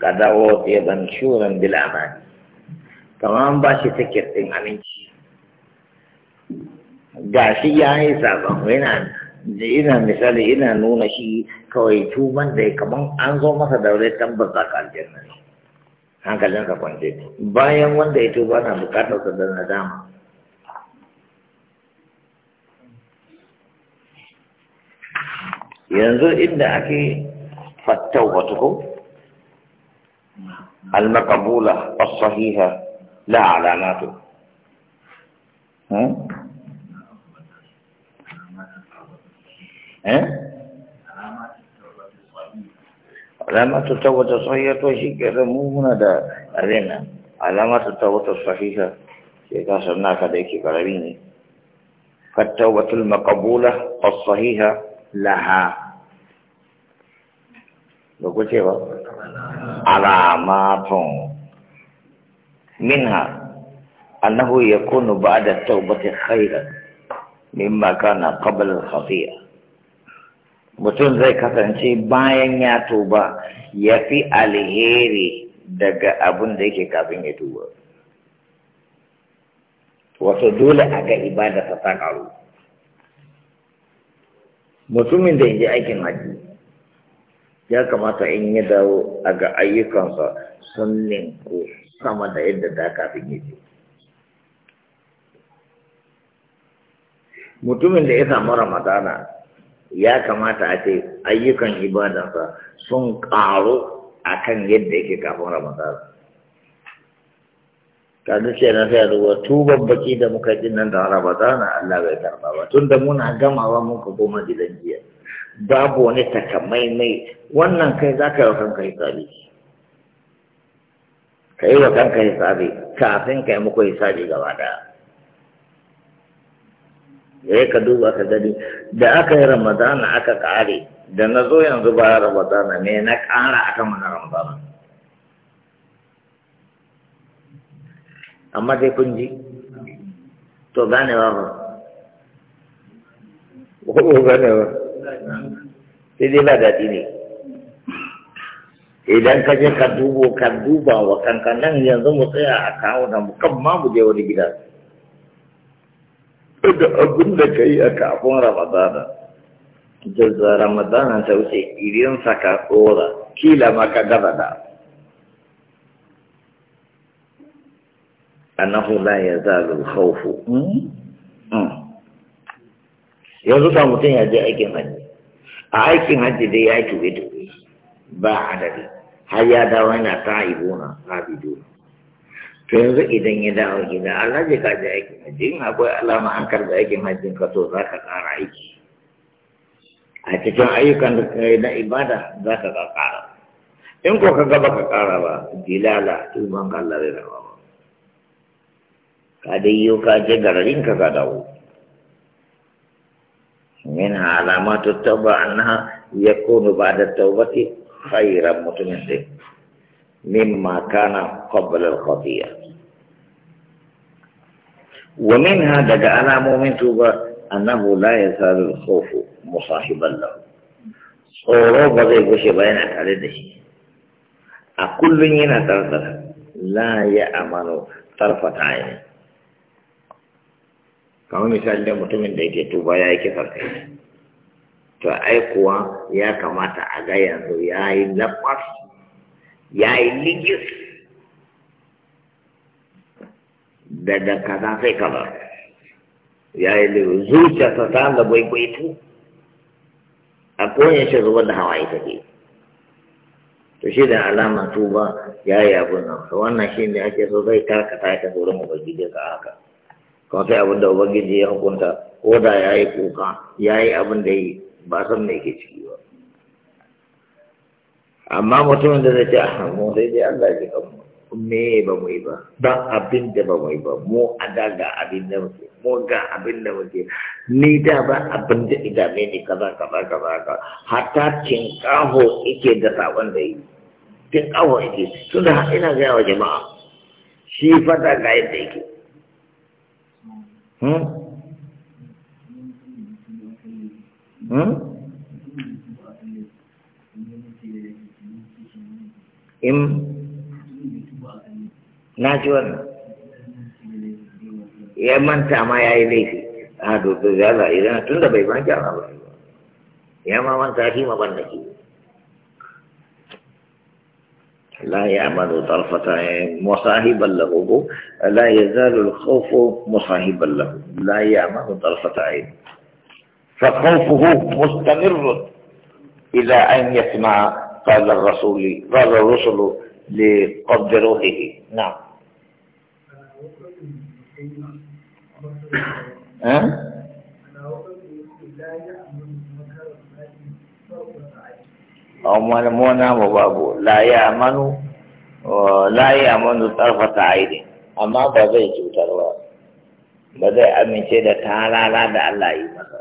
kada wote banshuran bil amani kamar ba shi take din aminci ga shi ya yi sabon yana da ina misali ina nuna shi kawai tuban da kaman an zo masa da wani tambar zaka aljanna ne hankalin ka kwance bayan wanda ya tuba na bukatar sa da nadama yanzu inda ake fattau ko المقبولة الصحيحة لا علاماته ها؟ ها؟ علامات التوبة الصحيحة وشيء كذا مو هنا دا أبينا علامات التوبة الصحيحة شيء كاسرنا كده كرابيني فالتوبة المقبولة الصحيحة لها لو قلت علامات منها أنه يكون بعد التوبة خيرا مما كان قبل الخطيئة mutum zai kasance bayan ya tuba ya fi alheri daga abin da yake kafin ya tuba wato dole a ga ibada ta karu mutumin da ya je aikin haji ya kamata in yi dawo a ga ayyukansa sun ninku sama da yadda da kafin yi. mutumin da ya samu ramadana ya kamata a ce ayyukan ibadansa sun ƙaru a kan yadda yake kafin ramadana kaga ce na sai ruwa tuban baki da muka jin nan da ramadana Allah bai karɓa ba Tunda da muna gamawa muka goma gidan jiya babu wani takamaimai wannan kai za ka yi wa kanka hisabi ka yi wa kanka hisabi kafin ka yi muku hisabi gaba daya ya ka duba ka gani da aka yi ramadana aka kare da na zo yanzu ba ramadana ne na kara aka wani ramadana amma dai kun ji to ganewa ba ko ganewa sai dai ba daɗi ne idan ka je ka dubo ka duba wa kanka nan yanzu mu tsaya a kawo na mu kan ma mu je wani gida da abin da ka yi a kafin ramadana da ramadana ta wuce idan saka tsora kila ma ka gaza da annahu la yazalu al-khawfu hmm? Hmm. yanzu ta mutum ya je aikin hajji a aikin hajji dai ya yi tuɓe-tuɓe ba adadi har ya dawo yana ta ibuna abiduna to yanzu idan ya dawo gida Allah ka je aikin hajji in akwai alama an karɓi aikin hajji ka so za ka ƙara aiki a cikin ayyukan da ka yi na ibada za ka ƙara in ko ka gaba ka ƙara ba jilala tuban ban kallare da raba ba ka dai yau ka je gararin ka ka dawo منها علامات التوبة أنها يكون بعد التوبة خيرا متمسك مما كان قبل الخطيئة ومنها دقى أنا مؤمن توبة أنه لا يزال الخوف مصاحبا له tsoro ba zai gushe ba yana tare da لا a kullum عينه kamar misali da mutumin da yake tuba ya yi kisar kai to ai kuwa ya kamata a ga yanzu ya yi lafas ya yi ligis daga kaza sai kaza ya yi ligis zuciyarsa ta da baibaito a shi zubar da hawaye take to shi da alama tuba ya yi abin nan wannan shi ne ake so zai karkata ta wurin ubangiji ka haka kuma abin da ubangiji ya hukunta ko da ya yi kuka ya yi abin da yi ba san me ke ciki ba amma mutumin da zai ce a ah, mu sai dai Allah ya kanmu me ba mu yi ba ba abin da ba mu yi ba mu a da ga abin da muke mu ga abin da muke ni da ba abin da me ne kaza kaza kaza ka hatta kaho ike da sabon da yi tinkaho ike tun da ina gaya wa jama'a shi fata ga yadda yake Hmm? Hmm? in na ci wannan ya manta ma ya yi laifi ah, a dodo ya za tun da bai ban gyara ba ya ma manta shi ma ban da ke لا يعمل طرفة مصاحبا له لا يزال الخوف مصاحبا له لا يعمل طرفة عين فخوفه مستمر إلى أن يسمع قال الرسول قال الرسل لقبض روحه نعم أه؟ amma mu mu babu layi a manu la ya manu eh, tarfata aini amma ba zai cutar ba ba zai amince da talala da Allah yi masa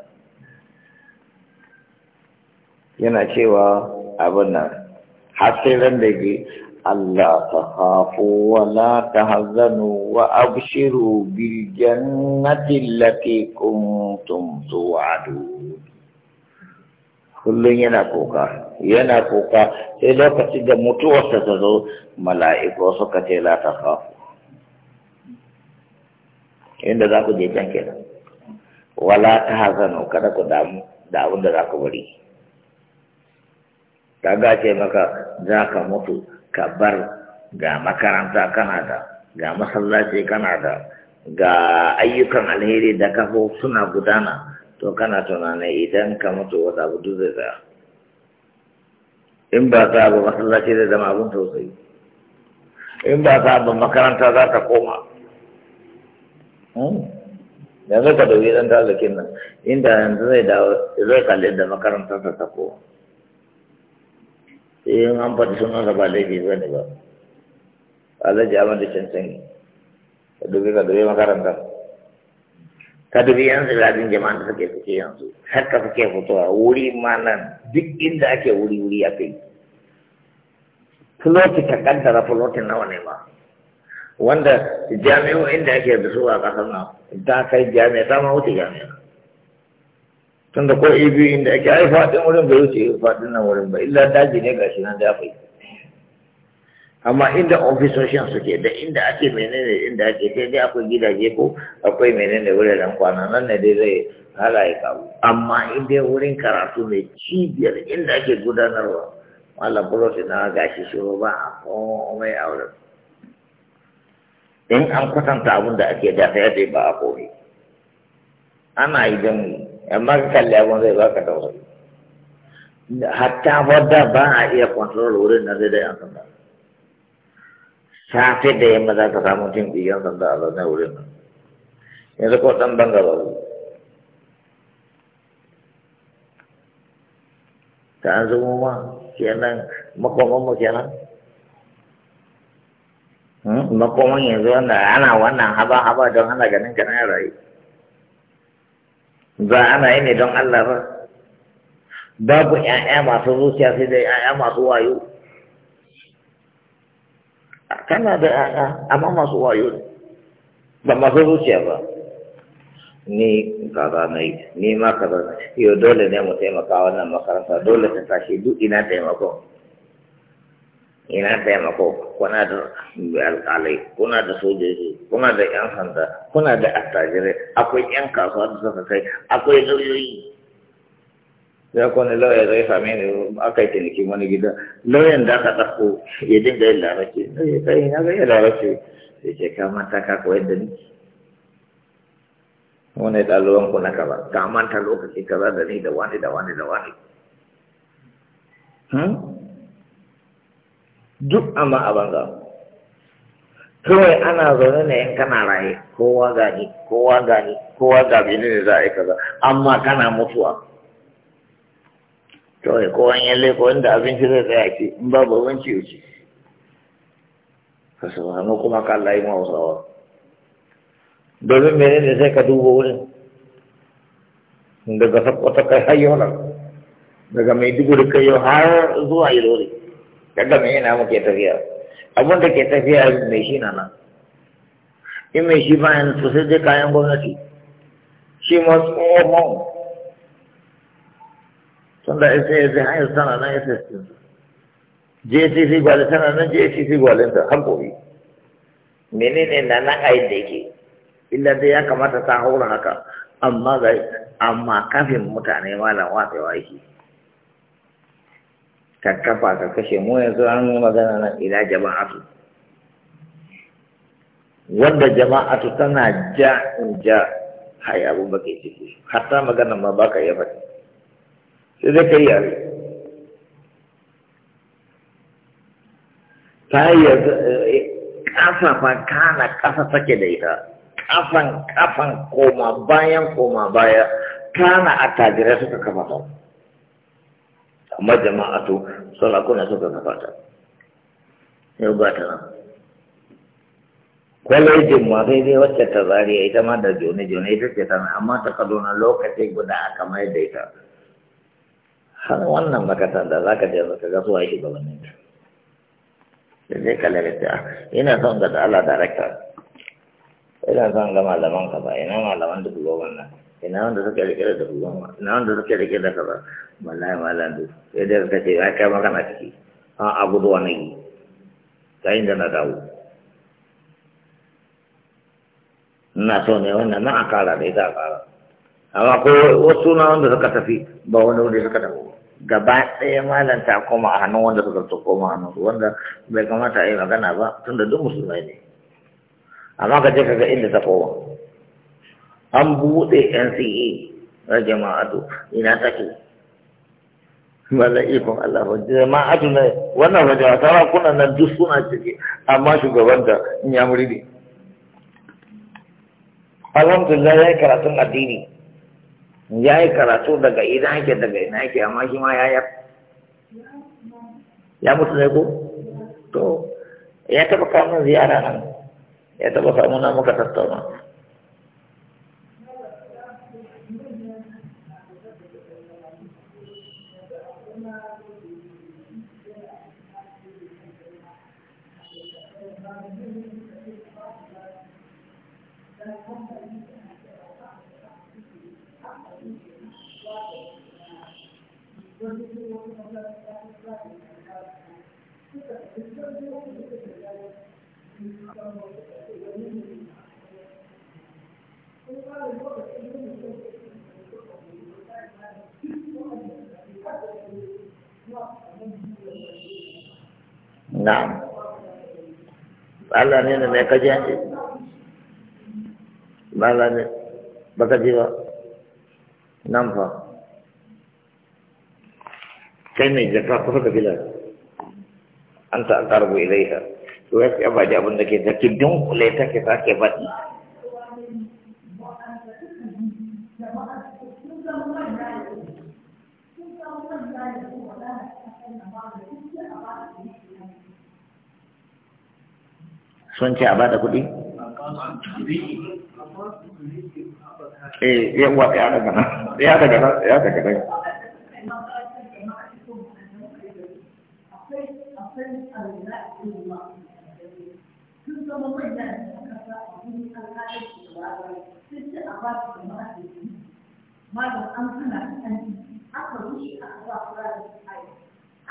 yana cewa abin nan hasiran da ke Allah ta hafu wa ta hazanu wa abshiru bil jannati allati kuntum tu'adun kullum yana kuka yana kuka sai lokacin da mutuwarsa ta zo mala'iku suka ce la ta kafu inda za ku je can kenan wala ta hazanu kada ku damu da abin da za ku bari ta gace maka za ka mutu ka bar ga makaranta kana da ga masallaci kana da ga ayyukan alheri da kafo suna gudana to kana tunanin idan ka mutu wata abu duk zai tsaya in ba ta ba masallaci zai zama abin tausayi in ba ta ba makaranta za ta koma hmm? yanzu ka dauki dan talakin nan inda yanzu zai dawo zai kalli da makaranta ta ta koma sai an faɗi sunan ba laifi ba ne ba alhaji abin da cancan ka dauki ka dauki makaranta ka dubi yan zirabin jama'a da suke suke yanzu haka suke fitowa wuri ma malam duk inda ake wuri wuri ya kai fuloti ka kaddara fulotin nawa ne ma? wanda jami'o'in da ake da su a ƙasar nan ta kai jami'a ta ma wuce jami'a tun ko ibi inda ake ai faɗin wurin bai wuce faɗin nan wurin ba illa daji ne gashi nan da ya fai amma inda ofisoshin suke da inda ake menene inda ake sai dai akwai gidaje ko akwai menene wuraren kwana nan ne dai zai halaye kawo amma in wurin karatu mai cibiyar inda ake gudanarwa malam bulosi na gashi shuru ba a komai a wurin in an kwatanta abin da ake da sai dai ba a komai ana yi don amma ka kalli abin zai baka tausayi hatta wadda ba a iya kwantarar wurin na zai da yan sanda safe da yamma za ka samu cin ɗigan sanda a zaune wurin nan yanzu ko ɗan banga ba ta an zumo ma kenan makoman mu kenan makoman yanzu wanda ana wannan haba haba don ana ganin ka na rayu ba ana yi ne don Allah ba babu ƴaƴa masu zuciya sai dai ƴaƴa masu wayo kana da ‘ya'ya ah, amma ah, masu wayo ne ba masu zuciya ba ni kaza na yi ni ma kaza na yau dole ne mu taimaka wannan makaranta dole ta tashi duk ina taimako ina taimako kuna da alƙalai kuna da sojoji kuna da ‘yan sanda kuna da attajirai akwai ‘yan kasuwa da suka kai akwai lauyoyi ya kone lauya zai fami ni aka yi tunikin wani gida lauyan da aka ɗauko ya da yin larabci ya kai ya ga yin larabci sai ce ka manta ka koyar da ni wani ɗaluwan ku na kaba ka manta lokaci kaza da ni da wani da wani da wani hmm? duk amma a banza kawai ana zaune ne in kana raye kowa gani kowa gani kowa gabi ne za a yi kaza amma kana mutuwa to ya kowan ya leko inda abinci zai tsaya ce in babu abinci ya ce ka subhanu kuma ka Allah yi mawusawa domin mene ne sai ka duba wurin daga sakwata kai har yau daga mai maiduguri kai yau har zuwa ilori daga mai yana muke tafiya abin da ke tafiya mai shi na nan in mai shi bayan sosai dai kayan gwamnati shi ma tsohon tunda SASC hanyar tana nan SSC JCC gwale tana nan JCC gwale ta haƙoƙi menene na nan ayin da yake illa dai ya kamata ta haura haka amma ga amma kafin mutane malam watsewa yake ka kafa ka kashe mu yanzu an yi magana nan ila jama'atu wanda jama'atu tana ja in ja hai abun ciki hatta magana ma baka ya faɗi sai dai kai yare ta yi kafafa eh, kana kasa take da ita kafan kafan koma bayan koma baya kana a tajirai suka kafa ta amma jama'atu sarakuna suka kafa ta yau ba ta nan kwalejin ma sai dai wacce ta zariya ita ma da jone-jone ita ce ta amma ta kaduna lokaci guda aka mai da ita har wannan makasar da za ka je ka ga suwa shugabannin ta da zai kalli ta ina son ga da Allah darakta ina son ga malaman ka ba ina malaman da kuma wannan ina wanda suka rike da kuma ina wanda suka rike da ka ba wallahi malam du sai da ka ce ai kai magana ciki a abu da wani ta inda na dawo ina so ne wannan na akara da ita akara amma ko wasu na wanda suka tafi ba wani wanda suka tafi gaba ɗaya malam ta koma a hannun wanda suka ta koma a hannun wanda bai kamata a yi magana ba tun da duk musulmai ne amma ka je ka ga inda ta koma an buɗe NCA na jama'atu ina take wala ikon Allah ba jama'atu ne wannan ba jama'a sama kuna nan duk suna ciki amma shugaban da in ya muri ne alhamdulillah ya yi karatun addini ya yi karatu daga ina yake daga ina yake amma shi ma ya yar ya mutu ne ko to ya taba kamun ziyara nan ya taba samu na muka tattauna Na'am. Allah ne da mai kaji yanzu? Ba Allah ne, ba ka ji ba, nan fa. Kai mai jaka kusa ka anta aqrabu ilaiha to ya ce ba ji abin da ke da ki dunkule ta ke ke faɗi sun ce a ba da kuɗi? Eh, yawa ya daga nan, ya daga nan, ya daga nan. zama manya ne a kasa a cikin alƙalin su da ba sun ce a ba su da ma'aikata malam an hana an aka rushe a ba fara da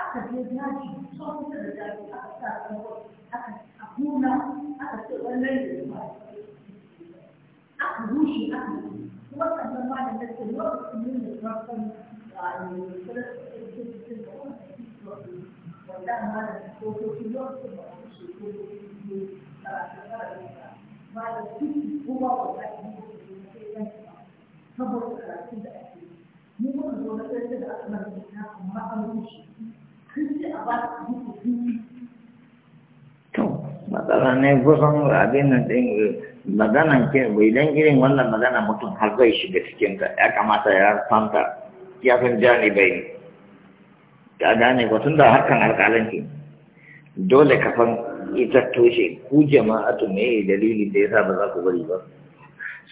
aka je daji sau kusa da daji aka sa kanwa aka abuna aka ce wannan da ba aka rushe aka kuma sannan malam da ce lokacin yin da kuma wanda malam ko ko lokacin da aka rushe ko ko saboda mu zo na ɗaya da aka mara ta an ce a ba matsala ne kusan abin nan ɗin eh, maganan ke idan irin wannan magana mutum har zai shiga cikin ta ya kamata ya fanta ya san janibai ka gane ko tun da hakan alƙalanci dole ka san ita toshe ku jama'atu me dalilin da yasa ba za ku bari ba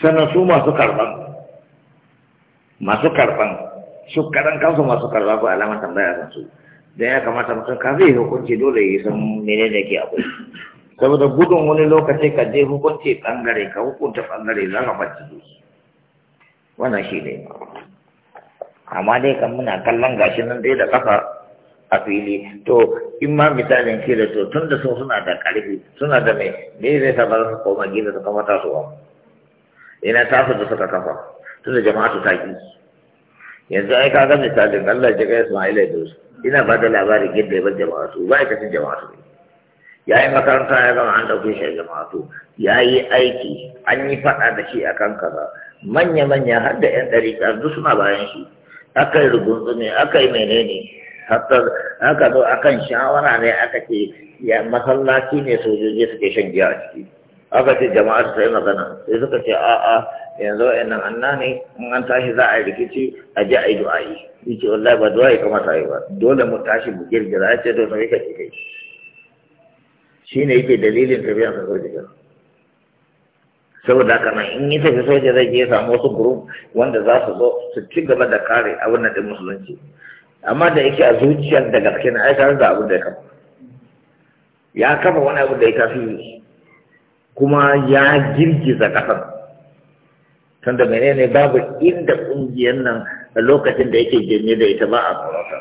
sannan su masu karban masu karban su karan kansu masu karba ba alamar tambaya kan su don ya kamata mutum ka zai hukunci dole ya san mene da ke akwai saboda gudun wani lokaci ka je hukunci bangare ka hukunta bangare za ka bacci su wannan shi ne amma dai kan muna kallon gashi nan dai da kafa a fili to in ma misalin ke da to tun da sun suna da ƙarfi suna da mai ne zai sa ba za su koma gida su kama tasowa ina su da suka kafa tun da jama'atu ta ki yanzu ai ka ga misalin Allah ya ga Isma'ila da su ina ba da labarin yadda ya bar jama'atu ba ya kasin jama'atu ya yi makaranta ya zama an ɗauke shi a jama'atu ya yi aiki an yi faɗa da shi akan kaza manya-manya har da 'yan ɗari duk suna bayan shi aka yi rubutu ne aka yi menene hatta haka zo akan shawara ne aka ce ya masallaci ne sojoji suke shan giya a ciki aka ce jama'a su sai magana sai suka ce a'a yanzu wa'annan anna ne in an tashi za a yi rikici a ji a yi du'a'i yace wallahi ba du'a'i kamata ta yi ba dole mu tashi mu girgira ya ce to sai ka kai shi ne yake dalilin tafiyar sa sojoji saboda haka nan in yi tafi soja zai je samu wasu guru wanda za su zo su ci gaba da kare abin da musulunci amma da yake a zuciyar da gaske na aikar da abu da ya kafa ya kafa wani abu da ya tafi kuma ya girgiza kasar tunda menene babu inda kungiyar nan a lokacin da yake janye da ita ba a tsoronta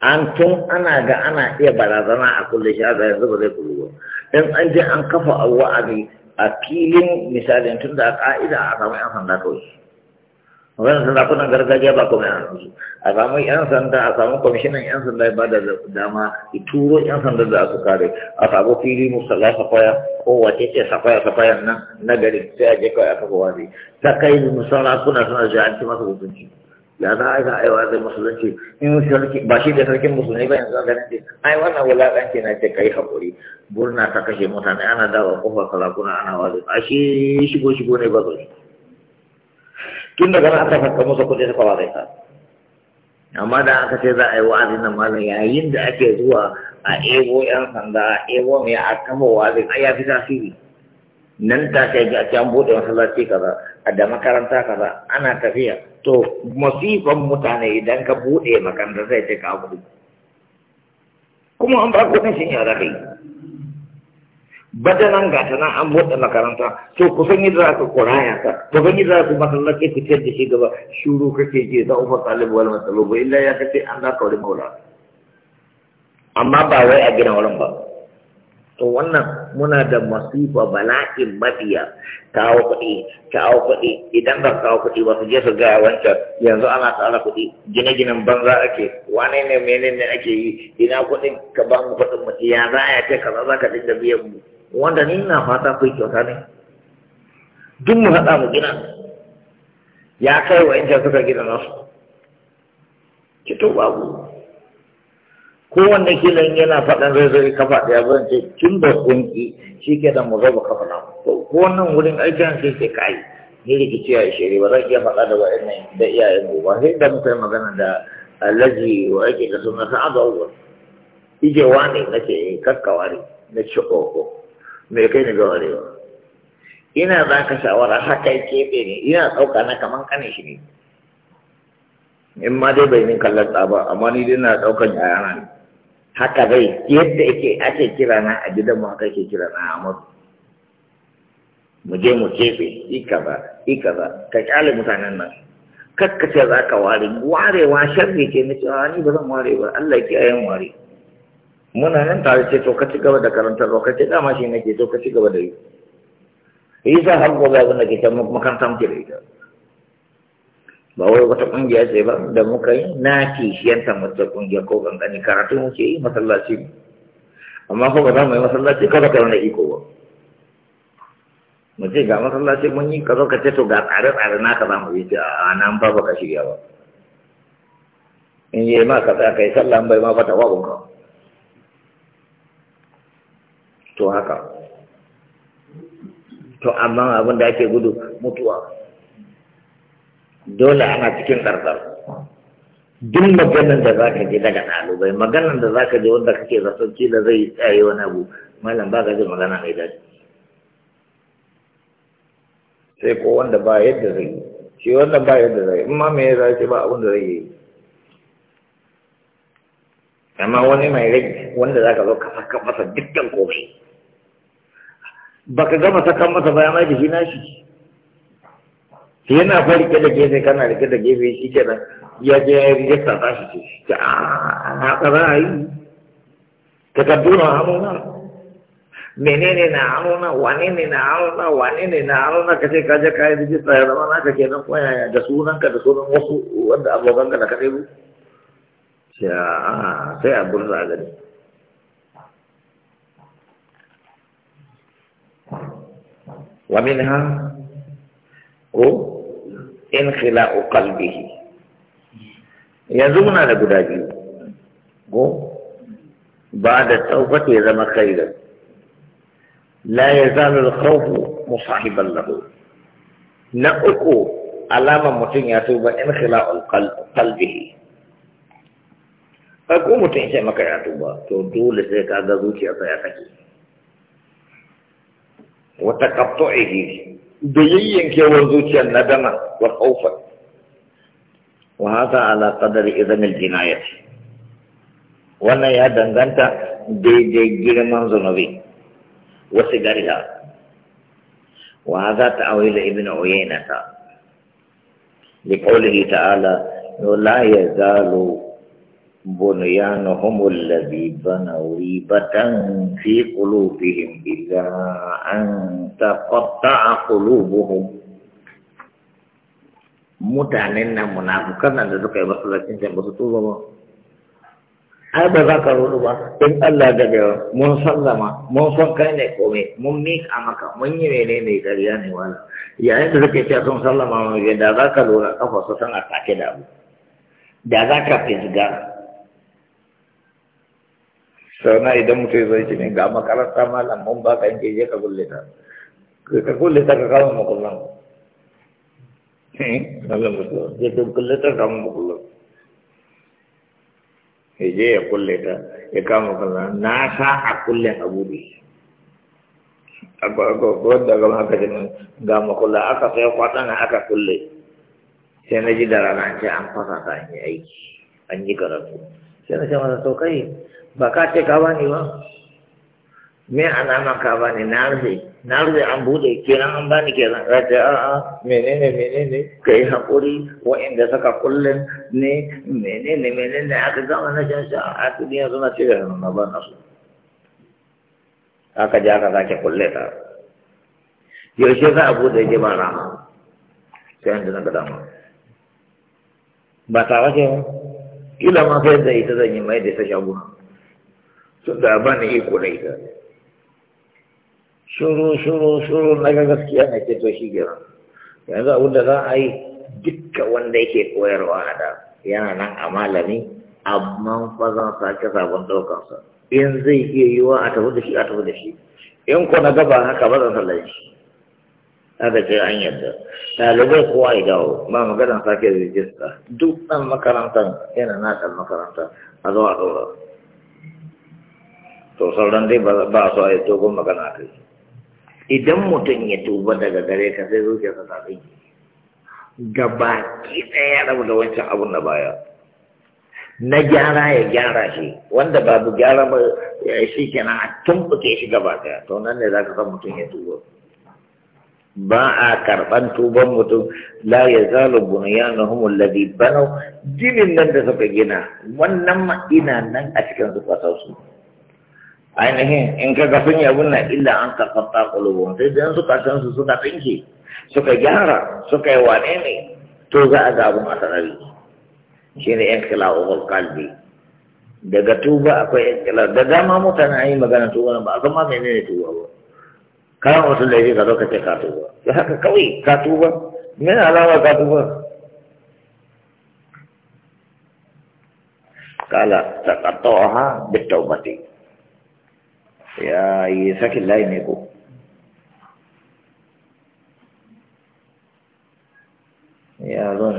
an tun ana ga ana iya barazana a kulle shi a yanzu ba zai ba. in an je an kafa wa'azi a filin misalin tun da a ka'ida a samun yan sanda kawai wannan sarakunan gargajiya ba kuma yana su a samu yan sanda a samu kwamishinan yan sanda ya bada dama ya turo yan sanda da su kare a samu fili musala safaya ko oh, wace ce safaya safaya nan na gari sai a je kawai a kafa wazi ta kai musalla kuna suna jahanci masu hukunci ya za a ga aiwa zai musulunci in sarki ba shi da sarkin musulmi ba yanzu ganin ce ai wannan wulaƙanci na ce kai haƙuri burna ta kashe mutane ana dawa kofar sarakuna ana wazi a shi shigo shigo ne ba zai tun daga nan aka fakka masa kuɗi suka ba zai amma da aka ce za a yi wa'azin nan malam yayin da ake zuwa a ebo yan sanda a ebo mai a kama wa'azin ai ya tasiri nan ta ce ga an buɗe masallaci kaza a da makaranta kaza ana tafiya to masifan mutane idan ka buɗe makaranta zai ce ka kuɗi kuma an ba kuɗin shi ne a badanan ga ta nan an buɗe makaranta to ku san yadda za ku kuraya ta ku san yadda za ku masallaci ku ciyar da shi gaba shuru kake je za ufa talibu wal ba illa ya kace an za ka wuri maula amma ba wai a gina wurin ba to wannan muna da masifa bala'in mafiya kawo kuɗi kawo kuɗi idan ba kawo kuɗi ba su je su gaya wancan yanzu ana tsara kuɗi gine-ginen banza ake wane ne menene ake yi ina kuɗin ka ba mu kuɗin mu ya za a ya ce kaza za ka dinga biyan mu wanda ni na fata ku kyauta ne duk mu haɗa mu gina ya kai wa inda suka gina nasu ki to babu kowanne nan yana faɗan zai zai kafa ɗaya zan zance kin da kunki shi ke da mu zaba kafa na ko wannan wurin aikin sai ke kai ni rikici ya shiri ba zan iya faɗa da wa'annan da iyayen mu ba sai da muka yi magana da alhaji wa ake da suna sa'adu awwal ije wane nake kakkawa ne na ce oho mai kai ni ga warewa ina za ka shawara haka ke ne ina ɗauka na kaman kane shi ne in ma dai bai min kallon ba amma ni dai na ɗaukan yayana ne haka dai yadda ake ake kira na a gidan mu haka ake kira na amur mu je mu kefe ika ba ika ba ka kyale mutanen nan kakkace za ka ware warewa sharri ke na cewa ah, ni ba zan ware ba Allah ya kiyaye ware muna nan tare ce to ka ci gaba da karantar ka ce dama shi nake to ka ci gaba da yi yasa har gobe abin da ke can makaranta muke da ita ba wai wata kungiya ce ba da muka yi na kishiyanta mata kungiya ko gangani karatu muke yi masallaci ne amma ko ba za mu yi masallaci kada ka wani iko ba Mace ga masallaci mun yi ka zo ka ce to ga tsare-tsare na ka za mu yi a nan ba ba ka shirya ba in yi ma ka tsaya ka yi sallah bai ma ba ta wabon ka to haka to amma abin da ake gudu mutuwa dole ana cikin ɗarɗar duk maganar da za ka je daga ɗalibai maganar da za ka je wanda kake zaton da zai tsaye wani abu malam ba ka ji magana mai daɗi sai ko wanda ba yadda zai yi shi wanda ba yadda zai in ma me ya zai ba abin da zai yi amma wani mai rage wanda za ka zo kafa kafa dukkan kofi. ba ka gama sakan masa bayan ya mai da shi yana fa rike da gefe kana rike da gefe shi kenan ya je ya rike ta shi ce a kaza ai takardu na hannuna menene na hannuna wane ne na hannuna wane ne na hannuna ka ce ka je ka yi rijista ya zama na naka kenan ko yaya da sunanka da sunan wasu wanda abokan abokanka da ka ɗebo sai a burza a gani Wa min ha? ko in khila qalbihi yanzu muna da guda biyu ko ba da tsaubata ya zama da. la ya zalu alkhawfu musahiban lahu na uku alaman mutum ya so ba in khila qalbihi ko mutum ya ce maka makaratu ba to dole sai ka ga zuciya ta ya kace وتقطعه بيين كوزوش الندمة والخوف وهذا على قدر إذن الجناية وانا يا دنغانتا دي دي جرمان زنبي وسجارها وهذا تأويل ابن عيينة لقوله تعالى لا يزال بنيانهم الذي بنوا ريبة في قلوبهم إذا أن تقطع قلوبهم mutanen nan munafukan nan da suka yi masallacin can ba su tuba ba ai ba za ka rudu ba in Allah da da mun sallama mun san kai ne komai mun miƙa maka mun yi mene ne ƙarya ne wala yayin da suke cewa sun sallama mun da za ka lura kafa su tana take da abu da za ka fisga sauna idan mutum zai ce ne ga makaranta malam mun ba ka yanke je ka kulle ta ka kulle ta ka kama makullan Allah eh, mutum je ka kulle ta kama makullan ya je ya kulle ta ya kama makullan na sa a kullen abu ne da gama haka ce ga makullan aka sai kwaɗana aka kulle sai na ji da rana an ce an fasa ta an yi aiki an yi karatu sai na ce masa to kai ba ka ce ka bani ba me ana ka bani na rufe na rufe an bude kenan an bani kenan ce a'a menene menene yi hakuri wa'inda saka kullum ne menene menene aka gama na shan sha a duniya suna ce da na ba na su aka ja aka sake kulle ta yaushe za a bude je ba rama sai an ji na gada ma ba tare ce ba kila ma sai da ita zan yi mai da ta shaguna da ba ni iko na ita shuru shuru shuru na ga gaskiya ne ke to shi gira yanzu abin da za a yi dukkan wanda yake koyarwa a da yana nan a malami amma fa za a sake sabon daukansa in zai iya yiwa a tafi da shi a tafi da shi in ko na gaba haka ba zan sallar shi haka ce an yadda ɗalibai kowa ya dawo ba maganar sake rijista duk ɗan makarantar yana na ɗan makarantar a zo a to sauran dai ba su a yi magana kai idan mutum ya tuba daga gare ka sai zuciya ta tsatsai gaba ki ya rabu da wancan abun na baya na gyara ya gyara shi wanda babu gyara ba ya shi kenan a tumbuke shi gaba ɗaya to nan ne za ka san mutum ya tuba ba a karɓan tuban mutum la ya zalo bunyanuhum alladhi banaw jinin nan da suka gina wannan ma'ina nan a cikin zukatansu su ainihin in ka sun yi na illa an tafatta kulubun sai dan suka san su suka tsinke suka gyara suka yi wane ne to za a ga abun a sarari shine inqilabul qalbi daga tuba akwai inqilab da dama mutane an yi magana tuba ba a san ma menene tuba ba Kawai wasu laifi ka zo ka ce ka tuba da haka kawai ka tuba Mene alama ka tuba kala ta ha bitawbati ya yi sakin layi ne ko ya zo ne